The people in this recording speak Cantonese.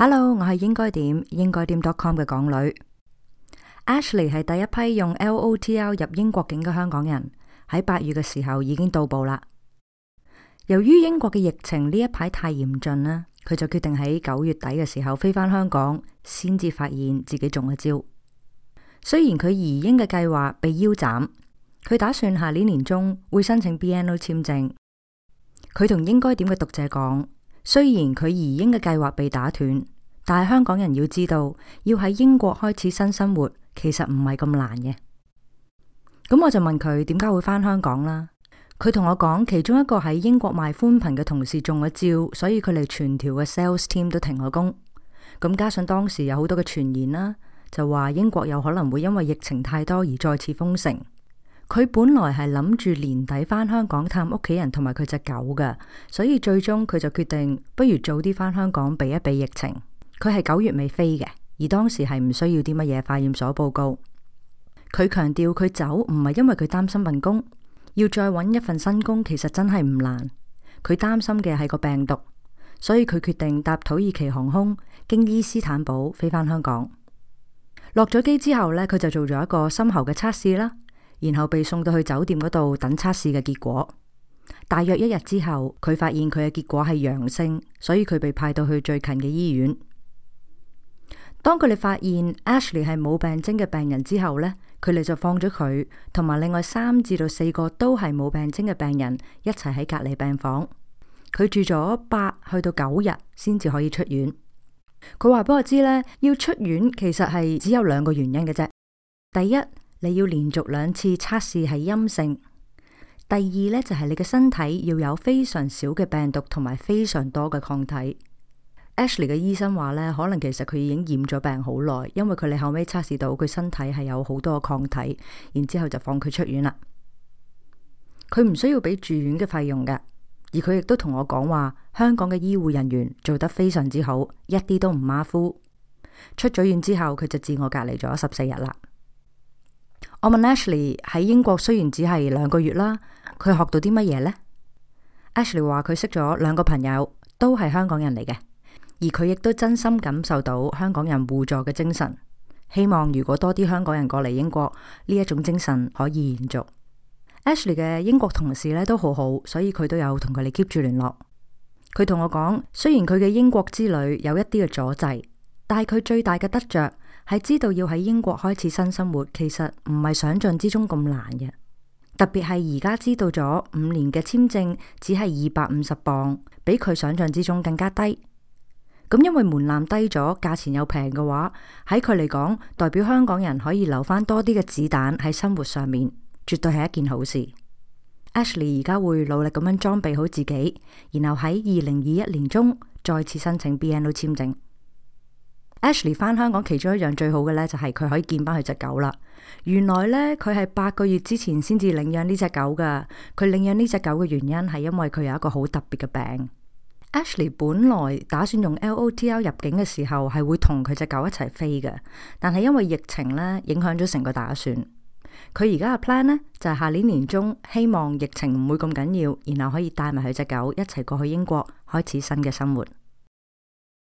Hello，我係應該點應該點 .com 嘅港女 Ashley 係第一批用 LOTR 入英國境嘅香港人，喺八月嘅時候已經到埗啦。由於英國嘅疫情呢一排太嚴峻啦，佢就決定喺九月底嘅時候飛翻香港，先至發現自己中咗招。雖然佢移英嘅計劃被腰斬，佢打算下年年中會申請 BNO 簽證。佢同應該點嘅讀者講。雖然佢移英嘅計劃被打斷，但係香港人要知道，要喺英國開始新生活其實唔係咁難嘅。咁我就問佢點解會返香港啦？佢同我講，其中一個喺英國賣寬頻嘅同事中咗招，所以佢哋全條嘅 sales team 都停咗工。咁加上當時有好多嘅傳言啦，就話英國有可能會因為疫情太多而再次封城。佢本來係諗住年底翻香港探屋企人同埋佢隻狗㗎，所以最終佢就決定不如早啲翻香港避一避疫情。佢係九月尾飛嘅，而當時係唔需要啲乜嘢化驗所報告。佢強調佢走唔係因為佢擔心份工，要再揾一份新工其實真係唔難。佢擔心嘅係個病毒，所以佢決定搭土耳其航空經伊斯坦堡飛翻香港。落咗機之後呢，佢就做咗一個深喉嘅測試啦。然後被送到去酒店嗰度等測試嘅結果，大約一日之後，佢發現佢嘅結果係陽性，所以佢被派到去最近嘅醫院。當佢哋發現 Ashley 係冇病徵嘅病人之後呢，佢哋就放咗佢同埋另外三至到四個都係冇病徵嘅病人一齊喺隔離病房。佢住咗八去到九日先至可以出院。佢話俾我知咧，要出院其實係只有兩個原因嘅啫，第一，你要連續兩次測試係陰性，第二咧就係你嘅身體要有非常少嘅病毒同埋非常多嘅抗體。Ashley 嘅醫生話咧，可能其實佢已經染咗病好耐，因為佢你後尾測試到佢身體係有好多抗體，然之後就放佢出院啦。佢唔需要俾住院嘅費用噶，而佢亦都同我講話香港嘅醫護人員做得非常之好，一啲都唔馬虎。出咗院之後，佢就自我隔離咗十四日啦。我問 Ashley 喺英國雖然只係兩個月啦，佢學到啲乜嘢呢？Ashley 話佢識咗兩個朋友，都係香港人嚟嘅，而佢亦都真心感受到香港人互助嘅精神。希望如果多啲香港人過嚟英國，呢一種精神可以延續。Ashley 嘅英國同事咧都好好，所以佢都有同佢哋 keep 住聯絡。佢同我講，雖然佢嘅英國之旅有一啲嘅阻滯，但係佢最大嘅得着。係知道要喺英國開始新生活，其實唔係想象之中咁難嘅。特別係而家知道咗五年嘅簽證只係二百五十磅，比佢想象之中更加低。咁因為門檻低咗，價錢又平嘅話，喺佢嚟講，代表香港人可以留翻多啲嘅子彈喺生活上面，絕對係一件好事。Ashley 而家會努力咁樣裝備好自己，然後喺二零二一年中再次申請 BNO 簽證。Ashley 翻香港，其中一樣最好嘅咧，就係佢可以見翻佢隻狗啦。原來咧，佢係八個月之前先至領養呢隻狗噶。佢領養呢隻狗嘅原因係因為佢有一個好特別嘅病。Ashley 本來打算用 LOTL 入境嘅時候係會同佢隻狗一齊飛嘅，但係因為疫情咧影響咗成個打算。佢而家嘅 plan 咧就係、是、下年年中希望疫情唔會咁緊要，然後可以帶埋佢隻狗一齊過去英國開始新嘅生活。